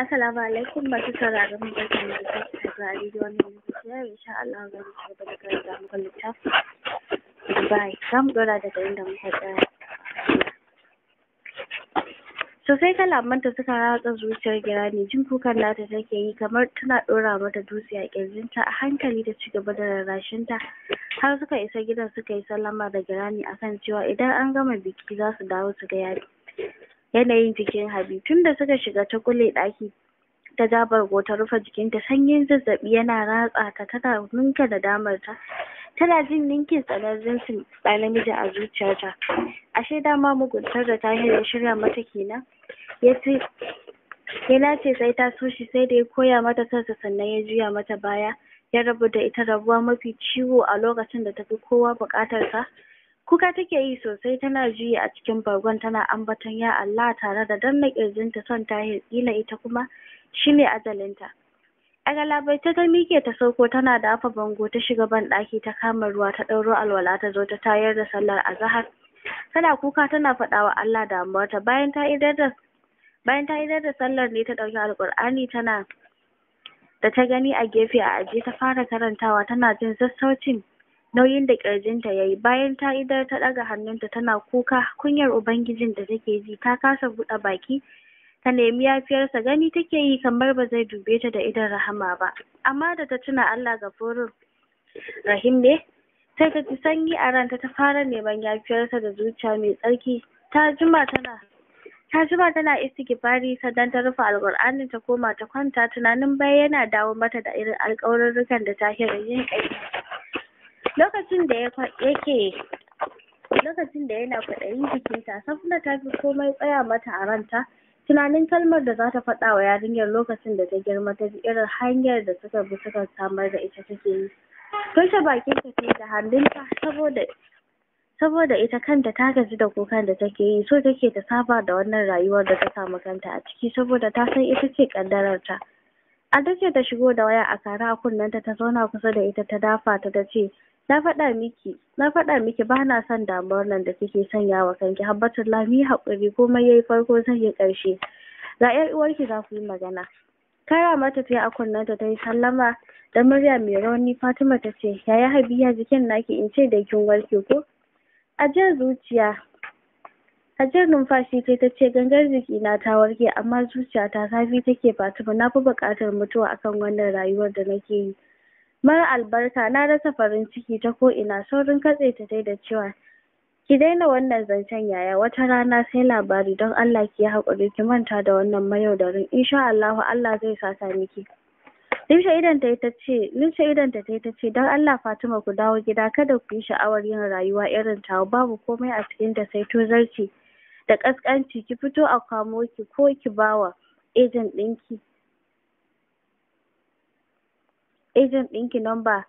Assalamu alaikum masu sauraron mu barkan mu da saurari da wannan lokaci insha Allah za ci gaba da karanta Dubai za mu dora daga inda muka tsaya sosai kalamanta suka ratsa zuciyar Girani jin kukan nata take yi kamar tana ɗora mata dutse a ƙirjinta a hankali da ci gaba da rarrashinta har suka isa gidan suka yi sallama da Girani akan cewa idan an gama biki za su dawo su ga yari yanayin jikin Habib da suka shiga ta kule ɗaki ta jabar go ta rufe jikinta sanyin zazzabi yana ratsa ta tana ninka da damar ta tana jin ninkin tsanar jinsin ɗa namiji a zuciyarta ashe dama muguntar da tahir ya shirya mata kenan ya ce ce sai ta so shi sai da ya koya mata kansa sannan ya juya mata baya ya rabu da ita rabuwa mafi ciwo a lokacin da tafi kowa buƙatar sa Kuka take yi sosai tana juyi a cikin bargon tana ambaton ya Allah tare da danna kirjinta son ta kila ita kuma shine ajalinta. A galabaita ta ke ta sauko tana da afa bango ta shiga ban ɗaki ta kama ruwa ta ɗauro alwala ta zo ta tayar da sallar azahar. Tana kuka tana faɗawa Allah ta bayan ta idar da bayan ta idar da sallar ne ta ɗauki alƙur'ani tana da ta gani a gefe a aje ta fara karantawa tana jin sassaucin nauyin da kirjinta ya yi. Bayan ta idar ta ɗaga hannunta tana kuka, kunyar Ubangijin da take ji ta kasa buɗe baki ta nemi yafiyarsa gani take yi kamar ba zai dube ta da idon rahama ba. Amma da ta tuna Allah gafurur Rahim ne, sai ta ji sanyi a ranta ta fara neman yafiyarsa da zuciya mai tsarki. Ta jima tana ta jima tana istighfari sannan ta rufe alƙur'anin ta koma ta kwanta tunanin baya yana dawo mata da irin alƙawarurrukan da ta hira yin aiki. lokacin da yake lokacin da yana kwaɗayin jikinta Safina ta fi komai tsaya mata a ranta tunanin kalmar da za ta faɗa wa yarinyar lokacin da ta girma ta ji irin hanyar da suka bi suka samar da ita take yi toshe bakin ta ta da hannunta saboda saboda ita kanta ta gaji da kukan da take yi so take ta saba da wannan rayuwar da ta samu kanta a ciki saboda ta san ita ce ta a ce ta shigo da waya a kara a kunnenta ta zauna kusa da ita ta dafa ta ta ce na faɗa miki na faɗa miki ba na son damuwar nan da kike sanya wa kanki habbatul lami haƙuri komai yayi farko zai yi ƙarshe ga ƴar uwarki za ku yi magana kara mata ta yi a ta yi sallama da murya mai rauni fatima ta ce yaya habiya jikin naki in ce da kin warke ko a zuciya a numfashi sai ta ce gangar na, ta warke amma zuciyata safi take fatima na fi buƙatar mutuwa akan wannan rayuwar da nake yi Mara albarka na rasa farin ciki ta ko'ina saurin katse ta tai da cewa ki daina wannan zancen yaya wata rana sai labari don Allah ki yi haƙuri ki manta da wannan mayaudarin insha Allahu Allah zai sasa miki. Limshe idon ta ta ce ta ta ce don Allah Fatima ku dawo gida kada ku yi sha'awar yin rayuwa irin ta. babu komai a cikin ta sai zarci, da ƙasƙanci ki fito a kamo ki ko ki bawa ejen ɗinki ejen ɗinki namba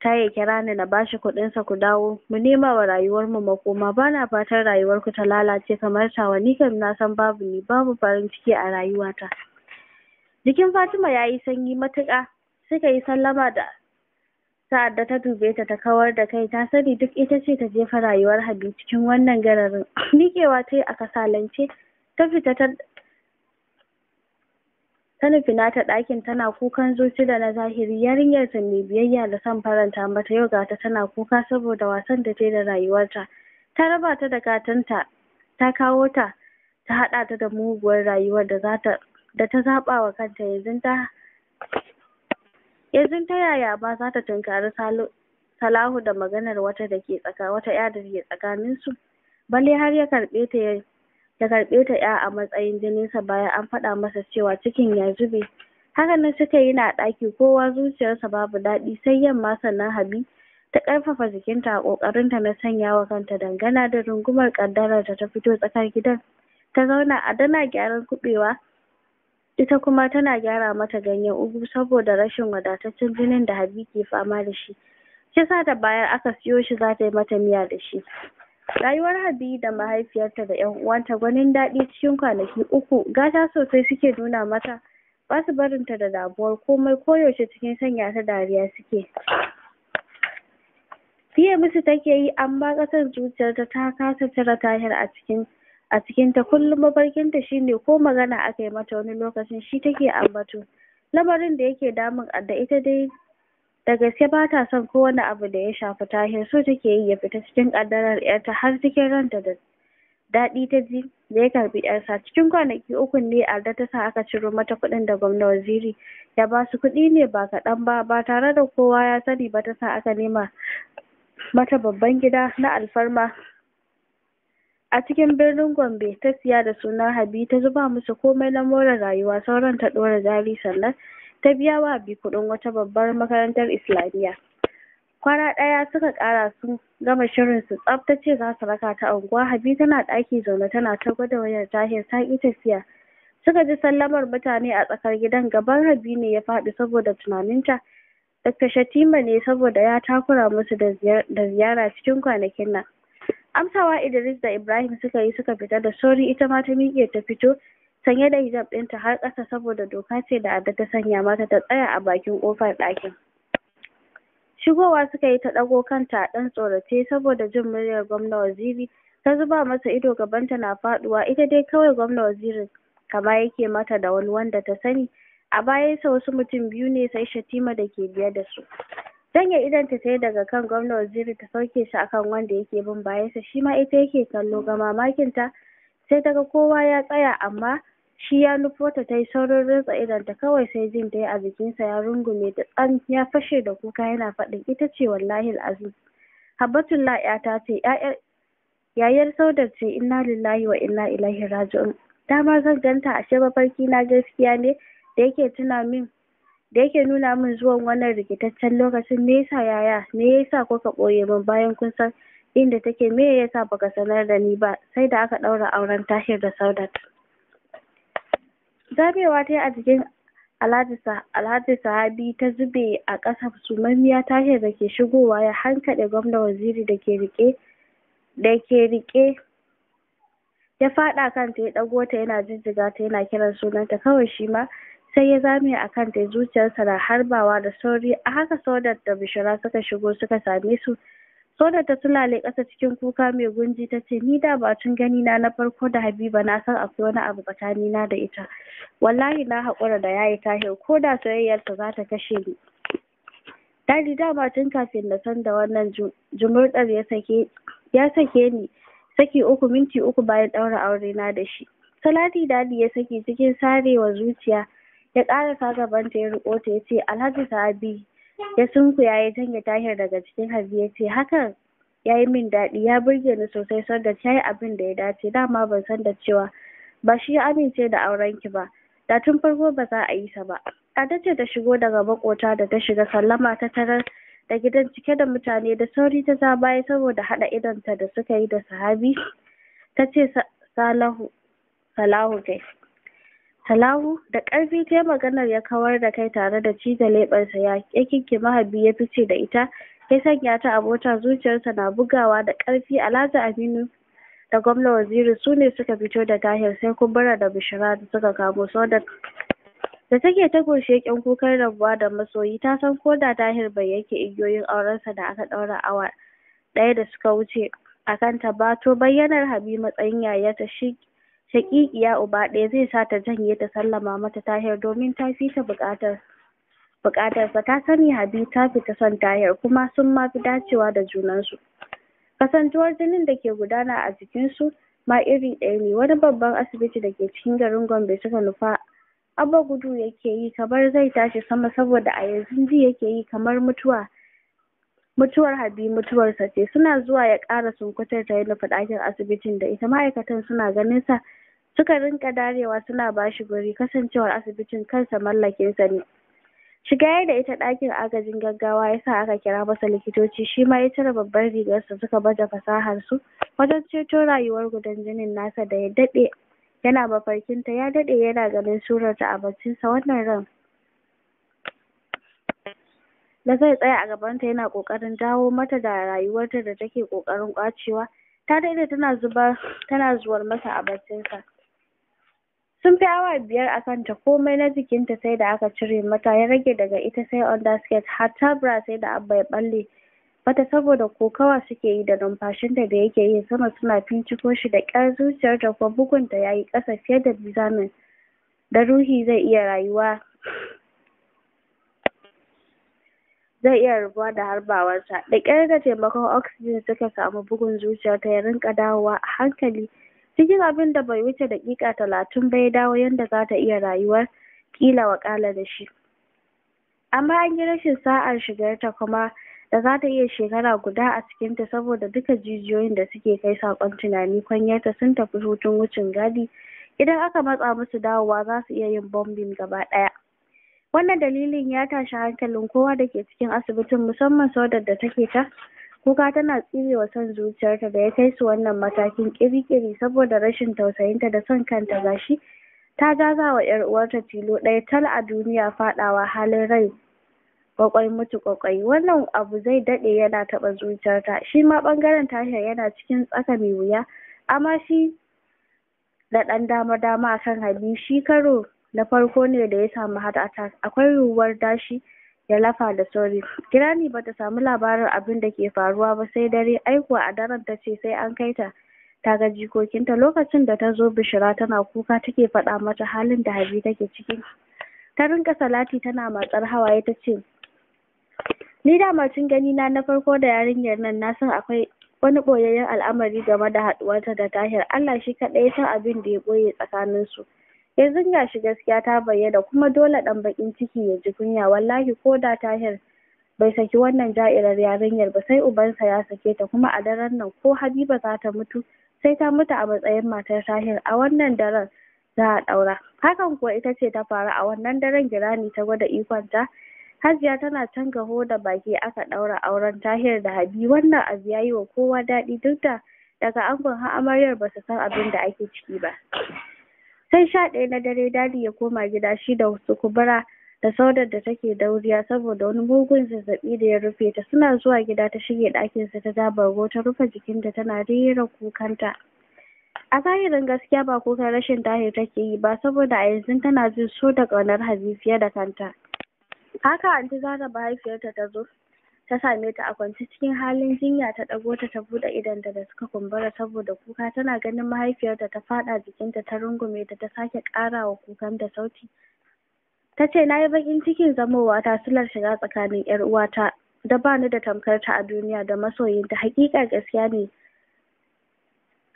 ta ya kira ni na bashi sa ku dawo mu nema wa rayuwar mu makoma bana fatan rayuwarku ta lalace kamar tawa ni kam na san babu ni babu farin ciki a rayuwata jikin Fatima ya yi sanyi matuƙa suka yi sallama da sa'ad da ta dube ta ta kawar da kai ta sani duk ita ce ta jefa rayuwar habi cikin wannan gararin miƙewa ta yi a kasalance ta fita ta Ta nufi ta ɗakin tana kukan zuci da na zahiri yarinyar ta mai biyayya da son faranta mata yau gata tana kuka saboda wasan da ta da rayuwarta. Ta raba ta da gatanta ta kawo ta ta haɗa ta da muguwar rayuwar da za ta da ta zaɓa wa kanta yanzu ta yanzu ta yaya ba za ta tunkari Salahu da maganar wata da tsaka wata ya da ke tsakaninsu balle har ya karɓe ta ya ya karɓe ta ya a matsayin jinin sa bayan an faɗa masa cewa cikin ya zube hakan nan suka yi na ɗaki kowa zuciyarsa babu daɗi sai yamma sannan habi ta ƙarfafa jikinta a ƙoƙarinta na sanya wa kanta dangana da rungumar ƙaddarar da ta fito tsakar gidan ta zauna a dana gyaran kuɓewa ita kuma tana gyara mata ganyen ugu saboda rashin wadataccen jinin da habi ke fama da shi shi da bayan aka siyo shi za ta yi mata miya da shi Rayuwar Habibu da mahaifiyarta da ‘yan uwanta gwanin daɗi cikin kwanaki uku, gata sosai suke nuna mata, ba su barinta da damuwar komai koyaushe cikin sanya ta dariya suke. fiye musu take yi amma ƙasar zuciyarta ta kasa cire Tahir a cikin a cikinta kullum mafarkinta shine ko magana aka yi mata wani lokacin shi take ambato. Lamarin da yake damun da ita dai da gaske ba ta son kowane abu da ya shafi tahir so take yi ya fita cikin kaddarar yarta har cikin ranta da daɗi ta ji da ya karbi yarsa cikin kwanaki uku ne arda ta sa aka ciro mata kuɗin da gwamna waziri ya ba su kuɗi ne ba kaɗan ba ba tare da kowa ya sani ba ta sa aka nema mata babban gida na alfarma a cikin birnin gombe ta siya da sunan habi ta zuba musu komai na more rayuwa sauran ta ɗora jari sannan ta biya wa bi kuɗin wata babbar makarantar Islamiyya. Kwana ɗaya suka ƙara su gama shirin su tsaftace ta za su raka ta unguwa Habi tana ɗaki zaune tana ta gwada wayar tahir ta ƙi tafiya. Suka ji sallamar mutane a tsakar gidan gaban Habi ne ya faɗi saboda tunaninta. Dr. Shatima ne saboda ya takura musu da ziyara cikin kwanakin nan. Amsawa Idris da Ibrahim suka yi suka fita da sauri ita ma ta miƙe ta fito sanye da hijab ɗinta har ƙasa saboda doka ce da Ada ta sanya mata ta tsaya a bakin ƙofar ɗakin. Shigowa suka yi ta ɗago kanta a ɗan tsorace saboda jin muryar gwamna waziri ta zuba masa ido gabanta na faɗuwa ita dai kawai gwamna wazirin kama yake mata da wani wanda ta sani a baya sa wasu mutum biyu ne sai shatima da ke biye da su. Janye idan ta yi daga kan gwamna waziri ta sauke shi akan wanda yake bin bayansa shi ma ita yake kallo ga mamakin ta sai ta ga kowa ya tsaya amma Shi ya nufo ta, ta yi saurin idon ta, kawai sai jin ta yi a jikinsa ya rungume da tsan ya fashe da kuka yana faɗin ita ce wallahi al'azim Habbatullah ya ta ce yayar saudar ce inna lillahi wa inna ilaihi raji'un. Dama zan ganta ashe mafarki na gaskiya ne da yake tuna min da yake nuna min zuwan wannan rikitaccen lokacin me yasa yaya me yasa kuka ɓoye min bayan kun san inda take me yasa baka sanar da ni ba sai da aka ɗaura auren tahir da saudat zamewa ta yi a jikin alhaji sahabi ta zube a ƙasa sumammiya tashi da ke shigowa ya hankaɗe gwamna waziri da ke riƙe da ke riƙe ya faɗa kanta ya ɗago ta yana jijjiga ta yana kiran sunanta kawai shi ma sai ya zame a kanta zuciyarsa na harbawa da sauri a haka saudar da bishira suka shigo suka same su Saudat ta sulale ƙasa cikin kuka mai gunji ta ce, Ni da ba tun gani na na farko da Habiba na san akwai wani abu na da ita. Wallahi na haƙura da yayi tahir ko da soyayyarsa za ta kashe ni. Dadi dama tun kafin na san da wannan jumurɗar ya sake ya sake ni saki uku minti uku bayan ɗaura aure na da shi. Salati dadi ya saki cikin sarewa zuciya ya ƙarasa gabanta ya riƙo ta ya ce Alhaji Sabi ya sunkuya ya janye tahir daga cikin hazi ya ce hakan ya yi min daɗi ya burge ni sosai sanda ta yi abin da ya dace dama ban san da cewa ba shi ya amince da auren ki ba da tun farko ba za a yi sa ba ta ce ta shigo daga makota da ta shiga sallama ta tarar da gidan cike da mutane da sauri ta za baya saboda haɗa idonta da suka yi da sahabi ta ce salahu salahu kai Salahu da ƙarfi ta maganar ya kawar da kai tare da ci da leɓensa ya kinkima Habi ya fice da ita ya sanya ta a mota zuciyarsa na bugawa da ƙarfi Alhaji Aminu da gwamna waziri su ne suka fito da tahir sai kumbura da bishira da suka kamo sodar da take ta goshe kyan kukan rabuwa da masoyi ta san ko da tahir bai yake igiyoyin aurensa da aka ɗaura awa ɗaya da suka wuce a kanta ba to bayyanar habi matsayin ta shi shaƙiƙiya uba ɗaya zai sa ta janye ta sallama mata Tahir domin ta fi ta buƙatar sa, ta sani Habi ta fita son Tahir kuma sun ma fi dacewa da junansu. Kasantuwar jinin da ke gudana a jikinsu ma iri ɗaya ne wani babban asibiti da ke cikin garin Gombe suka nufa Abba gudu yake yi kamar zai tashi sama saboda a yanzu ji yake yi kamar mutuwa Mutuwar Habi mutuwarsa ce, suna zuwa ya ƙara sunkutar ta ya nufi ɗakin asibitin da ita ma'aikatan suna ganin sa suka rinka darewa suna bashi guri kasancewar asibitin kansa mallakinsa ne. Shiga da ita ɗakin agajin gaggawa ya sa aka kira masa likitoci shi ma ya cire babbar rigarsa suka baje fasahar su wajen ceto rayuwar gudan jinin nasa da ya daɗe yana mafarkinta ya daɗe yana ganin surarta a sa wannan ran zai tsaya a gabanta yana ƙoƙarin dawo mata da rayuwarta da take ƙoƙarin ƙwacewa. Ta daɗe tana zubar tana zuwar masa a baccinsa. Sun fi awa biyar a kanta komai na jikinta sai da aka cire mata ya rage daga ita sai underskirt hatta bra sai da abba ya ɓalle mata saboda kokawa suke yi da numfashinta da yake yi sama suna finciko shi da ƙyar zuciyarta kuma bugunta ya yi ƙasa fiye da bizamin da ruhi zai iya rayuwa zai iya rabuwa da harbawarsa da ƙyar da taimakon oxygen suka samu bugun ta ya rinka dawowa a hankali cikin abin da bai wuce daƙiƙa talatin bai dawo yadda za ta iya rayuwar ƙila waƙala da shi amma an yi rashin sa'ar shigarta kuma da za ta iya shekara guda a cikinta saboda duka jijiyoyin da suke kai saƙon tunani kwanyarta sun tafi hutun wucin gadi idan aka matsa musu dawowa za su iya yin bombing gaba ɗaya Wannan dalilin ya tashi hankalin kowa da ke cikin asibitin musamman saudar da take ta kuka tana wa son zuciyarta da ya kai su wannan matakin kirikiri saboda rashin tausayinta da son kanta gashi ta gaza wa ‘yar uwarta tilo ɗaya tal a duniya faɗawa halin rai kwakwai mutu kwakwai wannan abu zai daɗe yana taɓa zuciyarta shi ma ɓangaren Tasha yana cikin tsaka mai wuya amma shi da ɗan dama dama akan hali shi karo na farko ne da ya samu heart attack akwai yiwuwar dashi ya lafa da sauri Kirani bata samu labarin abin da ke faruwa ba sai dare ai a daren ta ce sai an kai ta ta ga jikokinta lokacin da ta zo Bishira tana kuka take faɗa mata halin da Habi take ciki ta rinka salati tana matsar hawaye ta ce ni dama tun gani na na farko da yarinyar nan na san akwai wani ɓoyayyen al'amari game da haɗuwarta da tahir Allah shi kaɗai ya san abin da ya ɓoye tsakaninsu Eh, ya zinga shi gaskiya ta bayyana kuma dole ɗan baƙin ciki ya ji kunya wallahi ko da Tahir bai saki wannan ja'irar yarinyar ba sai ubansa ya sake ta kuma a daren nan ko Habiba za ta mutu sai ta mutu a matsayin matar Tahir a wannan daren za a ɗaura. Hakan kuwa ita ce ta faru a wannan daren Girani ta gwada ikonta. Hajiya tana can gaho da baki aka ɗaura auren Tahir da Habi wannan abu ya yi wa kowa daɗi duk da daga angon har amaryar ba su san abin da ake ciki ba. Sai sha ɗaya na dare dadi ya koma gida shi da wasu kubura da saudar da take dauriya saboda wani mugun zazzaɓi da ya rufe ta suna zuwa gida ta shige ɗakinsa ta ja bargo ta rufe jikinta tana rera kukanta. a zahirin gaskiya ba kukan rashin tahir take yi ba saboda a yanzu tana jin so da ƙaunar Habi fiye da kanta. Haka anti Zara mahaifiyarta ta zo ta same ta a kwance cikin halin jinya ta ɗago ta ta buɗe ta da suka kumbura saboda kuka tana ganin mahaifiyarta ta faɗa jikin ta ta rungume ta ta sake ƙara wa da sauti ta ce na yi baƙin cikin zamowa ta silar shiga tsakanin ‘yar uwata da ba ni da tamkar ta a duniya da masoyinta haƙiƙa gaskiya ne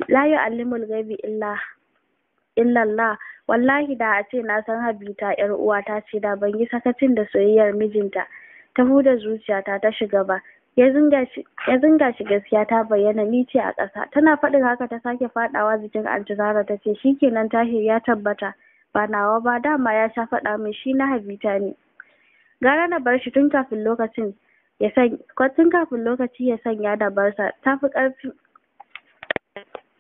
la yu'allimul ghaibi illa illallah wallahi da ace ce na san habita ‘yar uwata ce da ban yi sakacin da soyayyar mijinta ta huda zuciyata ta shiga ba ya zinga shi gaskiya ta bayyana ni ce a ƙasa tana faɗin haka ta sake faɗawa jikin anti zara ta ce shikenan tahir ya tabbata ba nawa ba dama ya sha faɗa mai shi na habita ne gara na bar shi tun kafin lokacin tun kafin lokaci ya sanya da barsa ta fi ƙarfi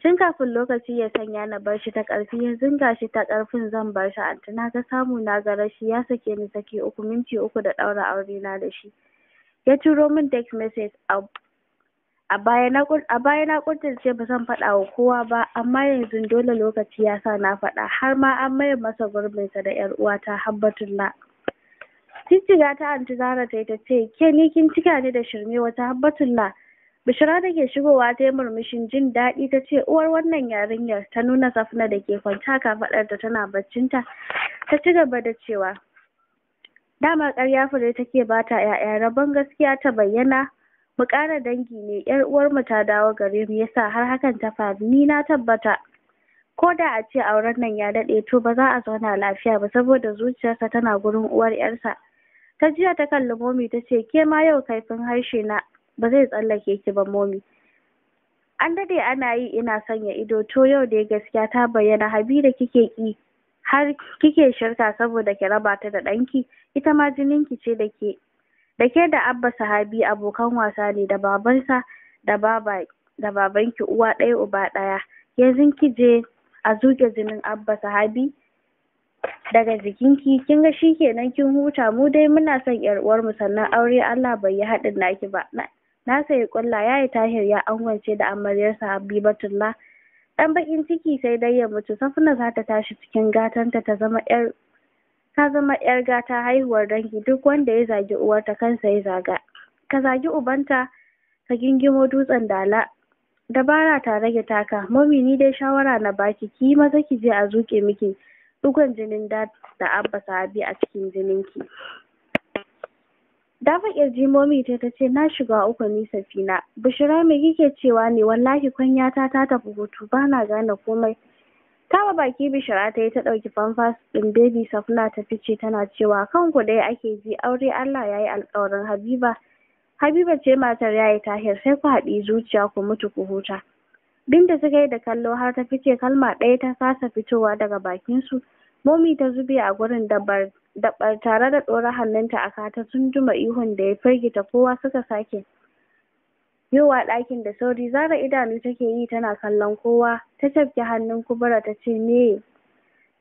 Tun kafin lokaci ya sanya na bar shi ta ƙarfi yanzu ga shi ta ƙarfin zan bar shi anti na ga samu na ga rashi ya sake ni sake uku minti uku da ɗaura aure na da shi. Ya turo min text message a a baya na a baya na ba zan faɗa wa kowa ba amma yanzu dole lokaci ya sa na faɗa har ma an maye masa gurbinsa da yar uwata habbatullah cicciga ta anti Zara ta ta ce ke ni kin cika ni da shirme wata habbatullah Bishira da ke shigowa ta yi murmushin jin daɗi ta ce uwar wannan yarinyar ta nuna Safina da ke kwanta da tana baccinta ta ci gaba da cewa dama ƙarya fure take bata yaya rabon gaskiya ta bayyana mu ƙara dangi ne ƴar uwarmu ta dawo gare mu yasa har hakan ta faru ni na tabbata ko da a ce auren nan ya daɗe to ba za a zauna lafiya ba saboda zuciyarsa tana gurin uwar 'yarsa. ta jiya ta kalli momi ta ce ke ma yau kaifin harshe na ba zai tsallake ki ba momi an dade ana yi ina sanya ido to yau dai gaskiya ta bayyana "Habiba, kike ki har kike shirka saboda ki raba ta da ɗanki ita ma jininki ce dake. ke da abba sahabi abokan wasa ne da babansa da baba da babanki uwa ɗaya uba ɗaya yanzu ki je a zuke jinin abba sahabi daga jikinki kin ga shikenan kin huta mu dai muna son yar mu sannan aure Allah bai yi haɗin naki ba na sayi ƙulla yayi tahir ya angwance da amaryar amaryarsa habibatullah dan bakin ciki sai dai ya mutu safina za ta tashi cikin gatanta ta zama yar ta zama yar gata haihuwar dangi duk wanda ya zagi uwarta kansa ya zaga ka zagi ubanta ka gingimo dutsen dala dabara ta rage taka mami ni dai shawara na baki ki maza ki je a zuke miki dukan jinin da da abba sahabi a cikin jininki Dafa ƙirji Momi ta ta ce na shiga uku ni Safina. Bishira mai kike cewa ne wallahi kwanyata ta tafi hutu ba na gane komai. Taba baki Bishira ta yi ta ɗauki famfas ɗin baby Safina ta fice tana cewa kan ku dai ake ji aure Allah ya yi alƙawarin Habiba. Habiba ce matar yayi tahir sai ku haɗi zuciya ku mutu ku huta. Binta suka yi da kallo har ta fice kalma ɗaya ta kasa fitowa daga bakinsu. Momi ta zube a gurin dabar da tare da ɗora hannunta a kata sun jima ihun da ya firgita kowa suka sake yowa ɗakin da sauri zara idanu take yi tana kallon kowa ta cafke hannun kubura ta ce me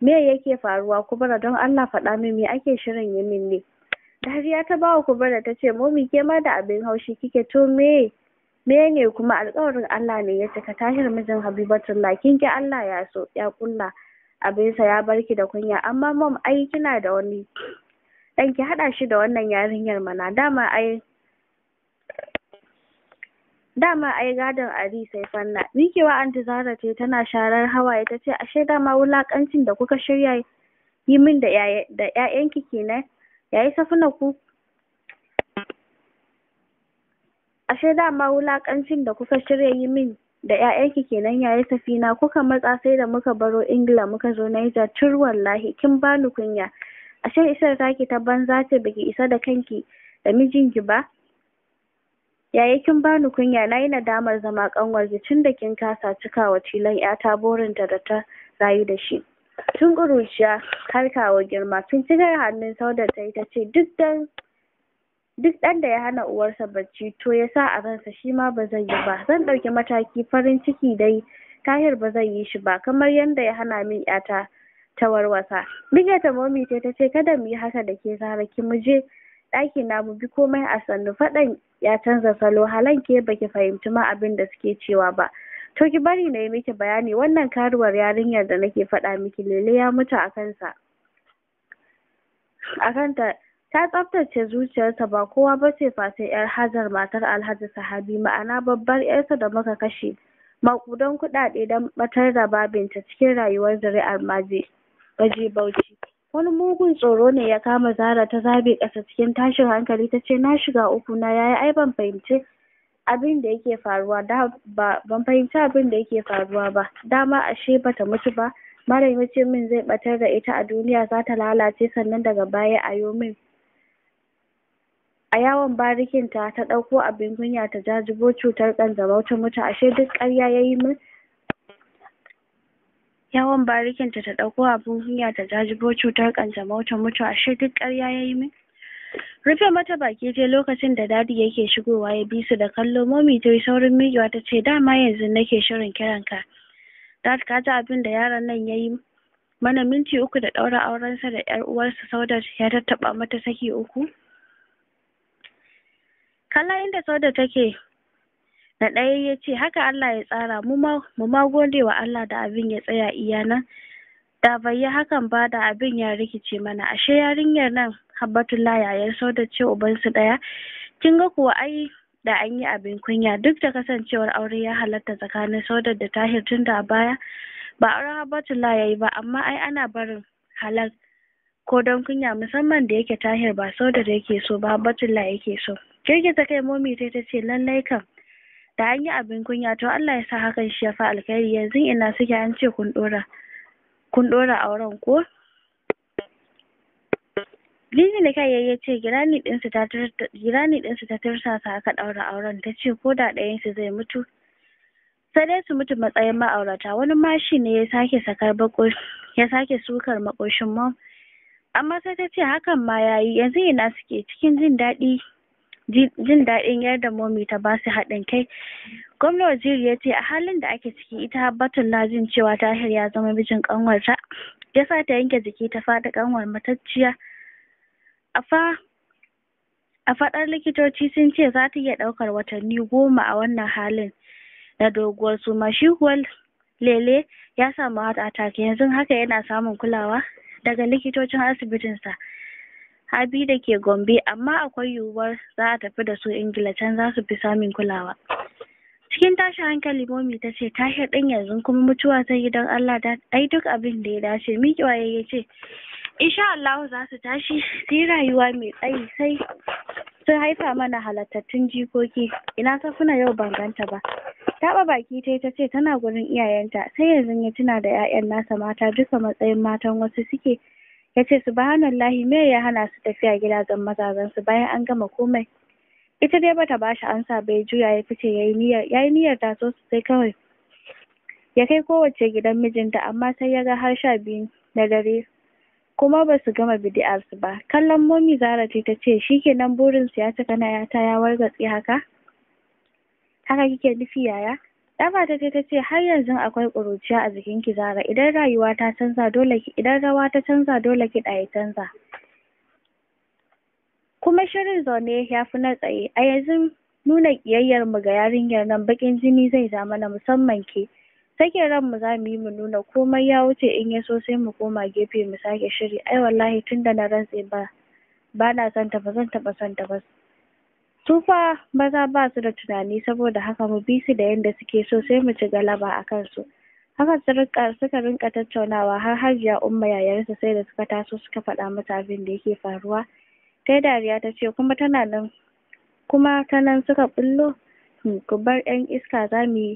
me yake faruwa kubura don allah faɗa min me ake shirin yi min ne dariya ta bawa kubura ta ce momi ke ma da abin haushi kike to me me ne kuma alƙawarin allah ne ya cika tahir mijin habibatullah kin ki allah ya so ya kulla abinsa ya barki da kunya amma mom ai kina da wani dan ki haɗa shi da wannan yarinyar mana dama ai dama ai gadon ari sai fanna wa anti zara ce tana sharar hawaye ta ce ashe dama wulakancin da kuka shirya yi min da da ƴaƴanki kenan yayi safuna ku ashe dama wulakancin da kuka shirya yi min da ƴaƴanki kenan yayi safina kuka matsa sai da muka baro ingila muka zo Niger, tur wallahi kin bani kunya ashe isar taki ta banza ce baki isa da kanki da mijinki ba yayi kin bani kunya nayi nadamar zama kanwar tun da kin kasa cikawa tilan ƴata burinta da ta rayu da shi tun kuruciya har kawo girma tun cigar hannun saudar ta yi ce duk dan duk ɗan da ya hana uwarsa bacci to ya sa a ransa shi ma ba zai yi ba zan ɗauki mataki farin ciki dai tahir ba zai yi shi ba kamar yadda ya hana min yata ta warwasa bige ta momi ta ce kada mu yi haka da ke zara ki mu je ɗaki na mu bi komai a sannu faɗan ya canza salo halan ke baki fahimci ma abin da suke cewa ba to ki bari na yi miki bayani wannan karuwar yarinyar da nake faɗa miki lele ya mutu a kansa a kanta ta tsaftace zuciyarta ba kowa ba ce face yar hajar matar alhaji sahabi ma'ana babbar yarsa da muka kashe makudan kuɗaɗe don batar da babinta cikin rayuwar zuri'ar maje baje bauchi wani mugun tsoro ne ya kama zara ta zabe ƙasa cikin tashin hankali ta ce na shiga uku na yayi ai ban fahimci abin da yake faruwa da ba ban fahimci abin da yake faruwa ba dama ashe bata mutu ba Mara ya ce min zai batar da ita a duniya za ta lalace sannan daga baya a yo min a yawon barikinta ta ɗauko abin kunya ta jajibo cutar ƙanjamau ta mutu ashe duk ƙarya ya yi min yawon barikinta ta ɗauko abin kunya ta jajibo cutar ƙanjamau ta mutu ashe duk ƙarya ya yi min rufe mata baki je lokacin da dadi yake shigowa ya bi su da kallo momi ta yi saurin miƙewa ta ce dama yanzu nake shirin kiran dad ka ji abin da yaron nan ya yi mana minti uku da ɗaura aurensa da 'yar uwarsa saudat ya tattaɓa mata saki uku kallon inda sauda take da ɗaya ya ce haka Allah ya tsara mu ma gode wa Allah da abin ya tsaya iya nan da bai yi hakan ba da abin ya rikice mana ashe yarinyar nan habbatullah yayar sauda ce ubansu ɗaya kin ga kuwa ai da an yi abin kunya duk da kasancewar aure ya halatta tsakanin saudar da tahir tun da baya ba auren habbatullah ya yi ba amma ai ana barin halal ko don kunya musamman da yake tahir ba saudar yake so ba habbatullah yake so ta kai momi ta ta ce lallai kam da an yi abin kunya to Allah ya sa hakan shi ya fa alkhairi yanzu ina suke an ce kun dora kun dora auren ko Lili da kai yayye ce girani su ta girani su ta tursasa aka ɗaura auren ta ce ko da ɗayan su zai mutu sai dai su mutu matsayin ma'aurata wani mashi ne ya sake sakar bako ya sake sukar makoshin mom amma sai ta ce hakan ma yayi yanzu ina suke cikin jin daɗi jin daɗin yadda Momi ta basu haɗin kai. Gwamna Waziri ya ce a halin da ake ciki ita na jin cewa Tahir ya zama mijin ƙanwarta ya sa ta yanke jiki ta faɗi ƙanwar matacciya. A faɗar likitoci sun ce za ta iya ɗaukar watanni goma a wannan halin na doguwar su shi kuwa lele ya samu heart yanzu haka yana samun kulawa daga likitocin asibitinsa. da ke Gombe amma akwai yiwuwar za a tafi da su Ingila can za su fi samun kulawa. Cikin tashin hankali Momi ta ce ta ɗin yanzu kuma mutuwa ta gidan Allah ta ai duk abin da ya dace miƙewa ya ce insha Allah za su tashi su yi rayuwa mai tsayi sai sun haifa mana halattattun jikoki ina safuna yau ban ganta ba taɓa baki ta ta ce tana gurin iyayenta sai yanzu ya tuna da 'ya'yan nasa mata duka matsayin matan wasu suke ya ce subhanallahi me ya hana su tafiya gidajen mazajen su bayan an gama komai ita dai bata ba shi ansa bai juya ya fice yayi niyyar yayi niyyar ta so sai kawai ya kai kowace gidan mijinta amma sai ya ga har sha biyu na dare kuma ba su gama bidi'ar su ba kallon momi zara ce ta ce shikenan burin su ya cika na yata ya wargatse haka haka kike nufi yaya Dafa ta ta ce har yanzu akwai ƙuruciya a jikin ki Zara idan rayuwa ta canza dole ki idan rawa ta canza dole ki ya canza. Kuma shirin zaune ya fi na tsaye a yanzu nuna ƙiyayyar mu ga yarinyar nan baƙin jini zai ja mana musamman ke. sake ran mu za mu yi mu nuna komai ya wuce in ya so sai mu koma gefe mu sake shiri ai wallahi da na rantse ba ba na son ta zan taɓa son ta ba. Tufa maza ba su da tunani saboda haka mu bi su da yadda suke so sai mu ci galaba a kansu haka suka rinka tattaunawa har hajiya umma yayarsa sai da suka taso suka faɗa mata abin da yake faruwa ta dariya ta ce kuma tana nan kuma ta nan suka bullo hmm, ku bar yan iska za mu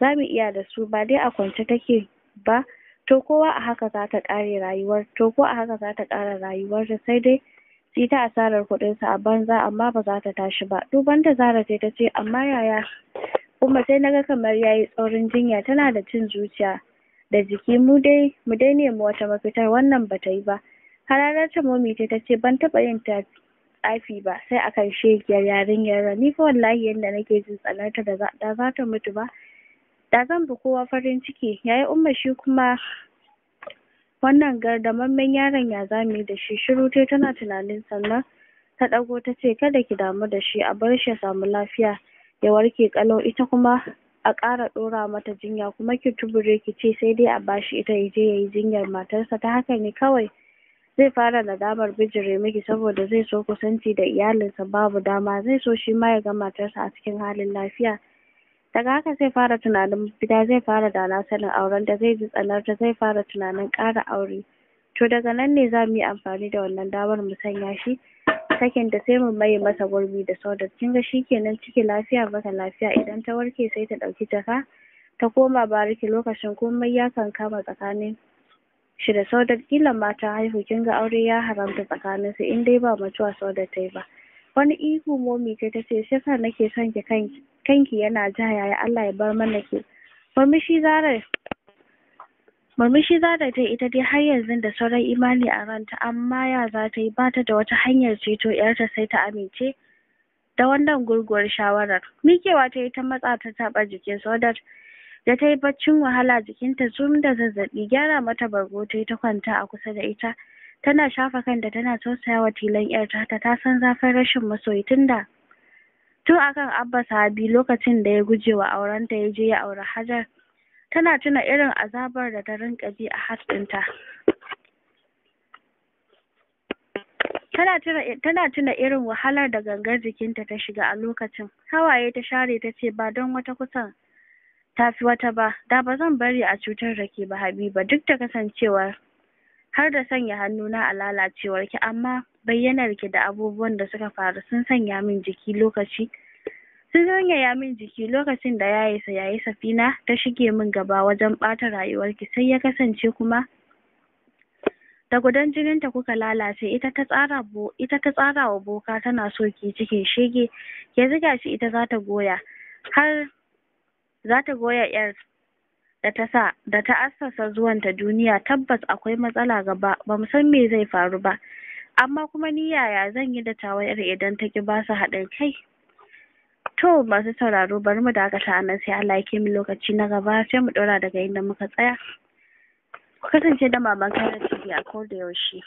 za mu iya da su ba dai a kwance take ba to kowa a haka za ta ƙare rayuwar to ko a haka za ta ƙara rayuwar sai dai sai ta asarar sa a banza amma ba za ta tashi ba duban ta Zara ta ce amma yaya kuma sai naga kamar yayi tsaurin jinya tana da cin zuciya da jiki mu dai mu dai nemi wata mafitar wannan bata yi ba hararar ta momi ta ce ban taɓa yin tsafi ba sai a kan shegiyar yarinyar ra. ni fa wallahi yanda nake jin tsanarta da za ta mutu ba da zan bi kowa farin ciki yayi umma shi kuma wannan gardamammen yaron ya zame da shi shiru tai tana tunanin sannan ta ɗago ta ce kada ki damu da shi a bar shi ya samu lafiya ya warke ƙalau ita kuma a ƙara ɗora mata jinya kuma ki tubure ki ce sai dai a bashi ita ya je ya yi jinyar matarsa ta haka ne kawai zai fara nadamar bijire miki saboda zai so kusanci da iyalinsa babu dama zai so shi ma ya ga matarsa a cikin halin lafiya daga haka zai fara tunanin gida zai fara da na sanin auren da zai ji tsanarta zai fara tunanin ƙara aure to daga nan ne za mu yi amfani da wannan damar mu sanya shi sakin da sai mu maye masa gurbi da sauda kin ga kenan ciki lafiya baka lafiya idan ta warke sai ta ɗauki jaka ta koma bariki lokacin komai ya kama tsakanin shi da saudar kila mata haihu kin ga aure ya haramta tsakaninsu in dai ba mutuwa saudar ta yi ba wani ihu momi ta tace shi yasa nake son ki kanki kanki yana ja yaya Allah ya bar mana ke murmushi zarar murmushi zarar ta ita dai har yanzu da sauran imani a ranta amma ya za yi ba ta da wata hanyar ceto yarta sai ta amince da wannan gurguwar shawarar mikewa ta yi ta matsa ta taɓa jikin sodat da ta yi baccin wahala jikinta zum da zazzaɓi gyara mata bargo ta ta kwanta a kusa da ita Tana shafa kanta tana tausaya wa tilan ‘yarta ta ta san zafin rashin masoyi tunda tun akan Abba Sabi lokacin da ya guje wa aurenta ya je ya auri Hajar. Tana tuna irin azabar da ta rinka ji a hatsinta. Tana tuna irin wahalar da gangar jikinta ta shiga a lokacin. Hawaye ta share ta ce ba don wata kusan tafi wata ba, da ba zan bari a cutar da ke ba Habiba duk da kasancewar har da sanya hannuna a lalacewar ki amma bayyanarki da abubuwan da suka faru sun sanya min jiki lokaci sun sanyaya min jiki lokacin da yayi yayi safina ta shige min gaba wajen ɓata rayuwarki sai ya kasance kuma da gudan jininta kuka lalace ita ta tsara bo ita ta tsara wa boka tana so ki cikin shege ya ziga shi ita za goya har za goya yar da ta assasa ta duniya tabbas akwai matsala gaba ba mu san me zai faru ba amma kuma ni yaya zan yi da tawayar idan ta ki ba su haɗin kai to masu sauraro bari mu dakata anan sai Allah ya mu lokaci na gaba sai mu ɗora daga inda muka tsaya ku kasance da maman kayan tv a koda yaushe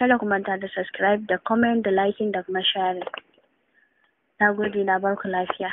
kada ku manta da subscribe da comment da liking da kuma sharing na gode na barku lafiya